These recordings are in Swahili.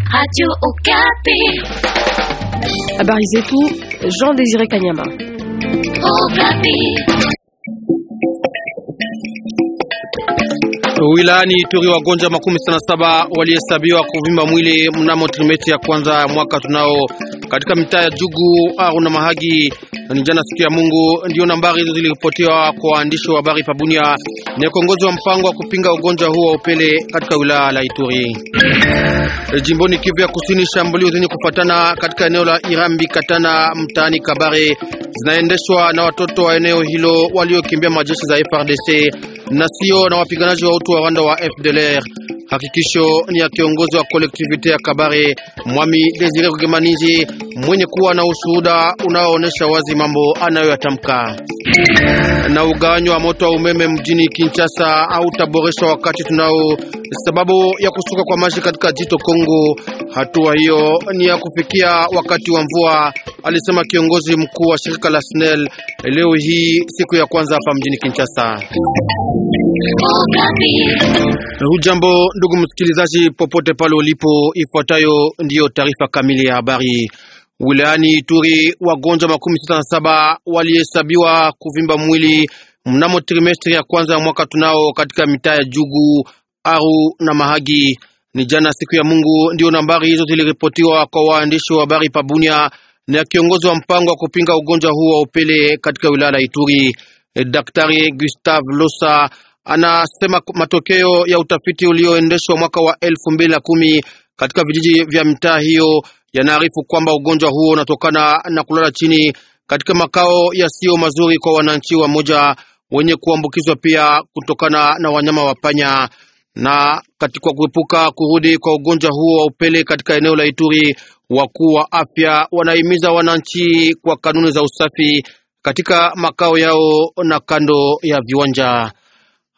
Radio Okapi. Habari zetu Jean Désiré Kanyama. Okapi. Wilayani Ituri wagonjwa makumi sana saba walihesabiwa kuvimba mwili mnamo trimeti ya kwanza ya mwaka tunao katika mitaa ya Jugu, Aru na Mahagi. Ni jana siku ya Mungu ndiyo nambari hizo ziliripotiwa kwa waandishi wa habari pabunia ni kiongozi wa mpango wa kupinga ugonjwa huo wa upele katika wilaya la Ituri. E, jimboni Kivu ya Kusini, shambulio zenye kufuatana katika eneo la Irambi Katana mtaani Kabare zinaendeshwa na watoto wa eneo hilo waliokimbia majeshi za FRDC na sio na wapiganaji wa utu wa Rwanda wa FDLR. Hakikisho ni ya kiongozi wa kolektivite ya Kabare Mwami Desire Kugemanizi mwenye kuwa na ushuhuda unaoonyesha wazi mambo anayoyatamka. Na ugawanyo wa moto wa umeme mjini Kinshasa hautaboreshwa wakati tunao sababu ya kusuka kwa maji katika jito Kongo. Hatua hiyo ni ya kufikia wakati wa mvua, alisema kiongozi mkuu wa shirika la SNEL leo hii siku ya kwanza hapa mjini Kinshasa. Hujambo ndugu msikilizaji, popote pale ulipo, ifuatayo ndiyo taarifa kamili ya habari. Wilayani Ituri wagonjwa makumi sita na saba walihesabiwa kuvimba mwili mnamo trimestri ya kwanza ya mwaka tunao katika mitaa ya Jugu, Aru na Mahagi. Ni jana siku ya Mungu ndiyo nambari hizo ziliripotiwa kwa waandishi wa habari Pabunia na kiongozi wa mpango wa kupinga ugonjwa huu wa upele katika wilaya la Ituri, Daktari Gustave Losa anasema matokeo ya utafiti ulioendeshwa mwaka wa elfu mbili na kumi katika vijiji vya mitaa hiyo yanaarifu kwamba ugonjwa huo unatokana na kulala chini katika makao yasiyo mazuri kwa wananchi wa moja wenye kuambukizwa pia kutokana na wanyama wa panya. Na katika kuepuka kurudi kwa ugonjwa huo wa upele katika eneo la Ituri, wakuu wa afya wanahimiza wananchi kwa kanuni za usafi katika makao yao na kando ya viwanja.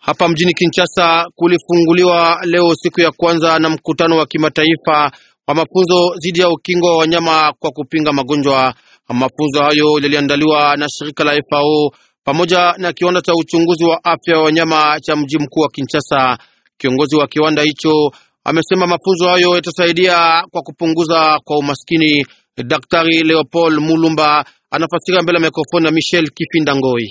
Hapa mjini Kinshasa kulifunguliwa leo siku ya kwanza na mkutano wa kimataifa wa mafunzo dhidi ya ukingo wa wanyama kwa kupinga magonjwa. Mafunzo hayo yaliandaliwa na shirika la FAO pamoja na kiwanda cha uchunguzi wa afya wa wanyama cha mji mkuu wa Kinshasa. Kiongozi wa kiwanda hicho amesema mafunzo hayo yatasaidia kwa kupunguza kwa umaskini. Daktari Leopold Mulumba anafasira mbele ya mikrofoni na Michel Kifindangoi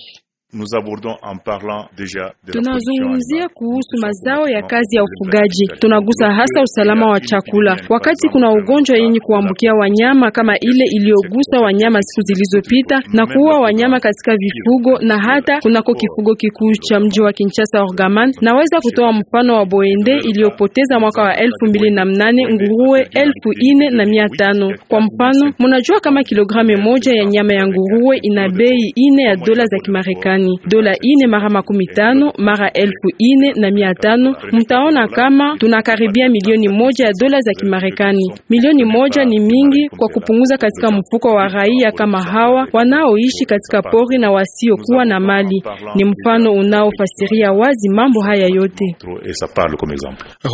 tunazungumzia kuhusu mazao ya kazi ya ufugaji, tunagusa hasa usalama wa chakula. Wakati kuna ugonjwa yenye kuambukia wanyama kama ile iliyogusa wanyama siku zilizopita na kuua wanyama katika vifugo na hata kunako kifugo kikuu cha mji wa Kinshasa Orgaman, naweza kutoa mfano wa Boende iliyopoteza mwaka wa elfu mbili na mnane nguruwe elfu ine na mia tano. Kwa mfano, munajua kama kilogramu moja ya nyama ya nguruwe ina bei ine ya dola za Kimarekani mtaani dola ine mara makumi tano mara elfu ine na mia tano mtaona kama tunakaribia milioni moja ya dola za Kimarekani. Milioni moja ni mingi kwa kupunguza katika mfuko wa raia kama hawa wanaoishi katika pori na wasiokuwa na mali. Ni mfano unaofasiria wazi mambo haya yote.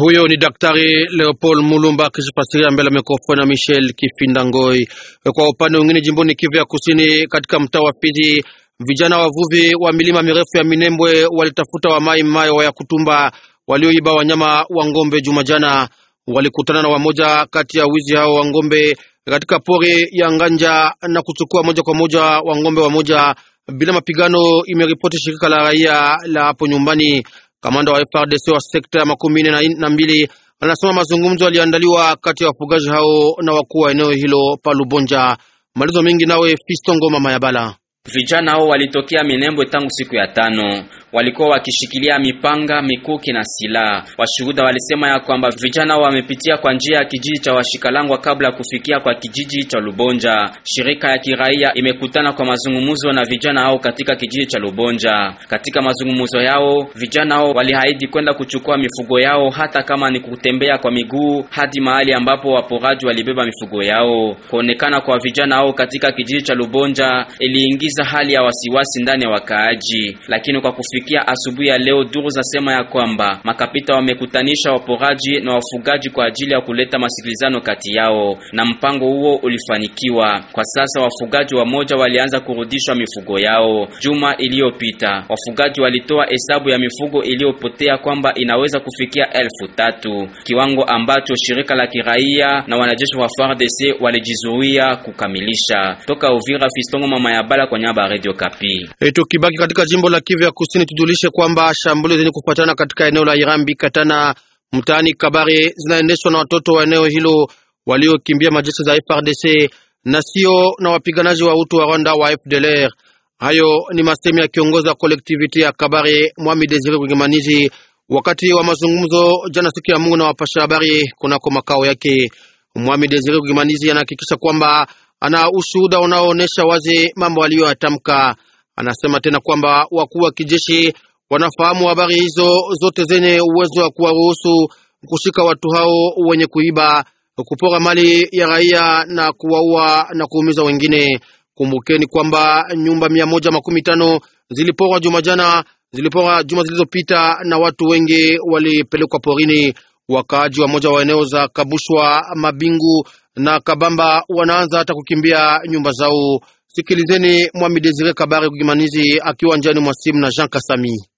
Huyo ni Daktari Leopold Mulumba akifasiria mbele ya mikrofoni ya Michel Kifindangoi. Kwa upande mwingine, jimboni Kivu ya Kusini, katika mtaa wa Fizi Vijana wavuvi wa milima mirefu ya Minembwe walitafuta wamai mayo wa ya kutumba walioiba wanyama wa ngombe juma jana. Walikutana na wamoja kati ya wizi hao wa ngombe katika pori ya Nganja na kuchukua moja kwa moja wa ngombe wamoja bila mapigano, imeripoti shirika la raia la hapo nyumbani. Kamanda wa FRDC wa sekta ya makumi nne na mbili anasema mazungumzo yaliandaliwa kati ya wafugaji hao na wakuu wa eneo hilo pa Lubonja. Malizo mengi nawe Fisto Ngoma Mayabala. Vijana hao walitokea Minembwe tangu siku ya tano, walikuwa wakishikilia mipanga, mikuki na silaha. Washuhuda walisema ya kwamba vijana hao wamepitia kwa njia ya kijiji cha Washikalangwa kabla ya kufikia kwa kijiji cha Lubonja. Shirika ya kiraia imekutana kwa mazungumzo na vijana hao katika kijiji cha Lubonja. Katika mazungumzo yao, vijana hao walihaidi kwenda kuchukua mifugo yao, hata kama ni kutembea kwa miguu hadi mahali ambapo waporaji walibeba mifugo yao. Kuonekana kwa vijana hao katika kijiji cha Lubonja iliingia kuambukiza hali ya wasiwasi ndani ya wakaaji. Lakini kwa kufikia asubuhi ya leo, duru sema ya kwamba makapita wamekutanisha waporaji na wafugaji kwa ajili ya kuleta masikilizano kati yao, na mpango huo ulifanikiwa. Kwa sasa wafugaji wa moja walianza kurudishwa mifugo yao. Juma iliyopita wafugaji walitoa hesabu ya mifugo iliyopotea kwamba inaweza kufikia elfu tatu, kiwango ambacho shirika la kiraia na wanajeshi wa FARDC walijizuia kukamilisha. Toka Uvira, Fistongo mama ya bala kwa kwa niaba ya Radio Kapi. E, tukibaki katika jimbo la Kivu ya Kusini, tujulishe kwamba shambulio zenye kufuatana katika eneo la Irambi Katana mtaani Kabare zinaendeshwa na watoto wa eneo hilo waliokimbia majeshi za FRDC na sio na wapiganaji wa utu wa Rwanda wa FDLR. Hayo ni masemi ya kiongozi wa kolektiviti ya Kabare Mwami Desire Kugemanizi wakati wa mazungumzo jana siku ya Mungu na wapasha habari kunako makao yake. Mwami Desire Kugemanizi anahakikisha kwamba ana ushuhuda unaoonyesha wazi mambo aliyoyatamka. Anasema tena kwamba wakuu wa kijeshi wanafahamu habari hizo zote zenye uwezo wa kuwaruhusu kushika watu hao wenye kuiba, kupora mali ya raia na kuwaua na kuumiza wengine. Kumbukeni kwamba nyumba mia moja makumi tano ziliporwa juma jana, ziliporwa juma zilizopita, na watu wengi walipelekwa porini. Wakaaji wa moja wa eneo za Kabushwa, Mabingu na Kabamba wanaanza hata kukimbia nyumba zao. Sikilizeni Mwami Desire Kabare Kugimanizi akiwa njiani mwa simu na Jean Kasami.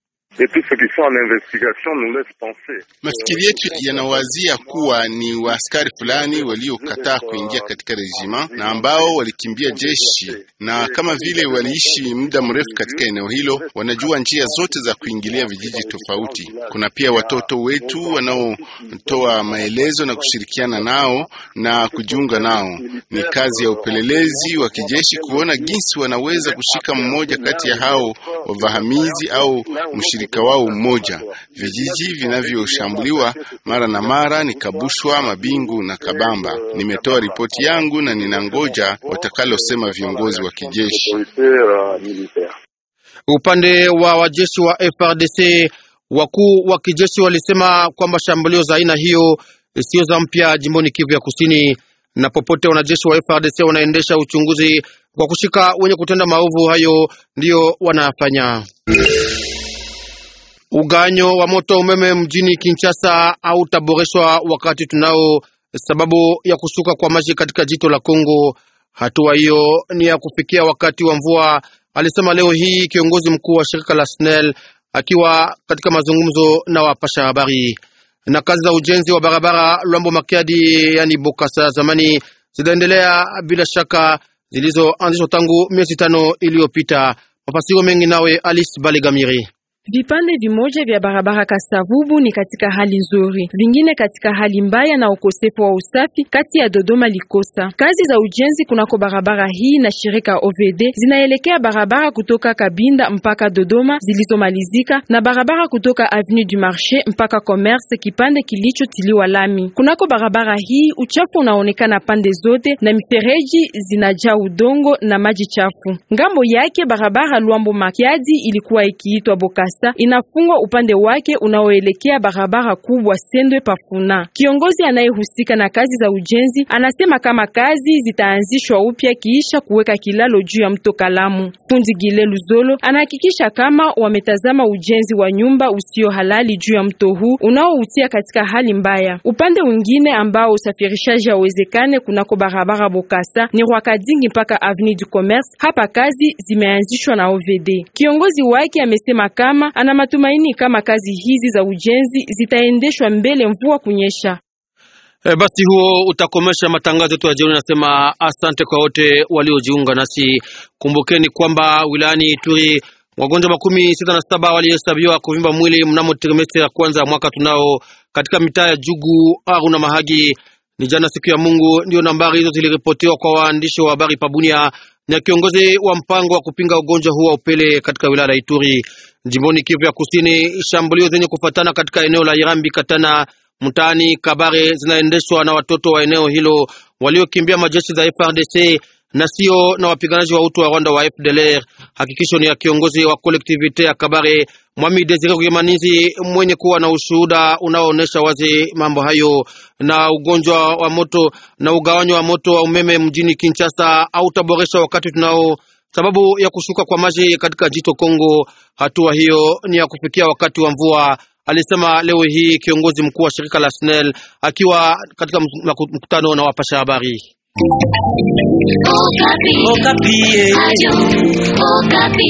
Mafikiri yetu yanawazia kuwa ni waaskari fulani waliokataa kuingia katika rejima na ambao walikimbia jeshi, na kama vile waliishi muda mrefu katika eneo hilo, wanajua njia zote za kuingilia vijiji tofauti. Kuna pia watoto wetu wanaotoa maelezo na kushirikiana nao na kujiunga nao. Ni kazi ya upelelezi wa kijeshi kuona jinsi wanaweza kushika mmoja kati ya hao wavahamizi au mshiriki mshirika wao mmoja. Vijiji vinavyoshambuliwa mara na mara ni Kabushwa, Mabingu na Kabamba. Nimetoa ripoti yangu na ninangoja watakalosema viongozi wa kijeshi. Upande wa wajeshi wa FRDC, wakuu wa kijeshi walisema kwamba shambulio za aina hiyo sio za mpya jimboni Kivu ya Kusini, na popote wanajeshi wa FRDC wanaendesha uchunguzi kwa kushika wenye kutenda maovu hayo, ndiyo wanayafanya. Uganyo wa moto umeme mjini Kinshasa taboreshwa wakati tunao sababu ya kushuka kwa maji katika jito la Kongo. Hatua hiyo ni ya kufikia wakati wa mvua, alisema leo hii kiongozi mkuu wa shirika la SNEL akiwa katika mazungumzo na wapasha habari. Na kazi za ujenzi wa barabara Lwambo Makiadi, yani Bokasa zamani, zinaendelea bila shaka, zilizoanzishwa tangu miezi tano iliyopita. Mafasiro mengi nawe Alice Baligamiri. Vipande vimoja vya barabara Kasavubu ni katika hali nzuri, vingine katika hali mbaya na ukosefu wa usafi kati ya Dodoma Likosa. Kazi za ujenzi kunako barabara hii na shirika OVD zinaelekea barabara kutoka Kabinda mpaka Dodoma zilizomalizika na barabara kutoka Avenue du Marché mpaka Commerce, kipande kilichotiliwa lami. Kunako barabara hii uchafu unaonekana pande zote na mifereji zinajaa udongo na maji chafu. Ngambo yake barabara Luambo Makiadi ilikuwa ikiitwa Boka Kinshasa inafungwa upande wake unaoelekea barabara kubwa Sendwe Pafuna. Kiongozi anayehusika na kazi za ujenzi anasema kama kazi zitaanzishwa upya kiisha kuweka kilalo juu ya mto Kalamu. Fundi Gile Luzolo anahakikisha kama wametazama ujenzi wa nyumba usio halali juu ya mto huu unaoutia katika hali mbaya. Upande mwingine ambao usafirishaji hauwezekane kunako barabara Bokasa ni Rwakadingi mpaka Avenue du Commerce, hapa kazi zimeanzishwa na OVD. Kiongozi wake amesema kama kusema ana matumaini kama kazi hizi za ujenzi zitaendeshwa mbele mvua kunyesha. E, basi huo utakomesha matangazo yetu ya jioni. Nasema asante kwa wote waliojiunga nasi. Kumbukeni kwamba wilayani Ituri wagonjwa makumi sita na saba walihesabiwa kuvimba mwili mnamo trimestre ya kwanza ya mwaka tunao katika mitaa ya Jugu, Aru na Mahagi. Ni jana siku ya Mungu ndiyo nambari hizo ziliripotiwa kwa waandishi wa habari pabunia na kiongozi wa mpango wa kupinga ugonjwa huu wa upele katika wilaya la Ituri jimboni Kivu ya Kusini. Shambulio zenye kufatana katika eneo la Irambi Katana mtaani Kabare zinaendeshwa na watoto wa eneo hilo waliokimbia majeshi za FRDC na sio na wapiganaji wa utu wa Rwanda wa FDLR. Hakikisho ni ya kiongozi wa kolektivite ya Kabare Mwami Desire Kuyemanizi mwenye kuwa na ushuhuda unaoonyesha wazi mambo hayo. Na ugonjwa wa moto na ugawanyo wa moto wa umeme mjini Kinshasa hautaboresha wakati tunao sababu ya kushuka kwa maji katika jito Kongo. Hatua hiyo ni ya kufikia wakati wa mvua, alisema leo hii kiongozi mkuu wa shirika la SNEL akiwa katika mkutano na wapasha habari. Okapi. Okapi. oh Okapi.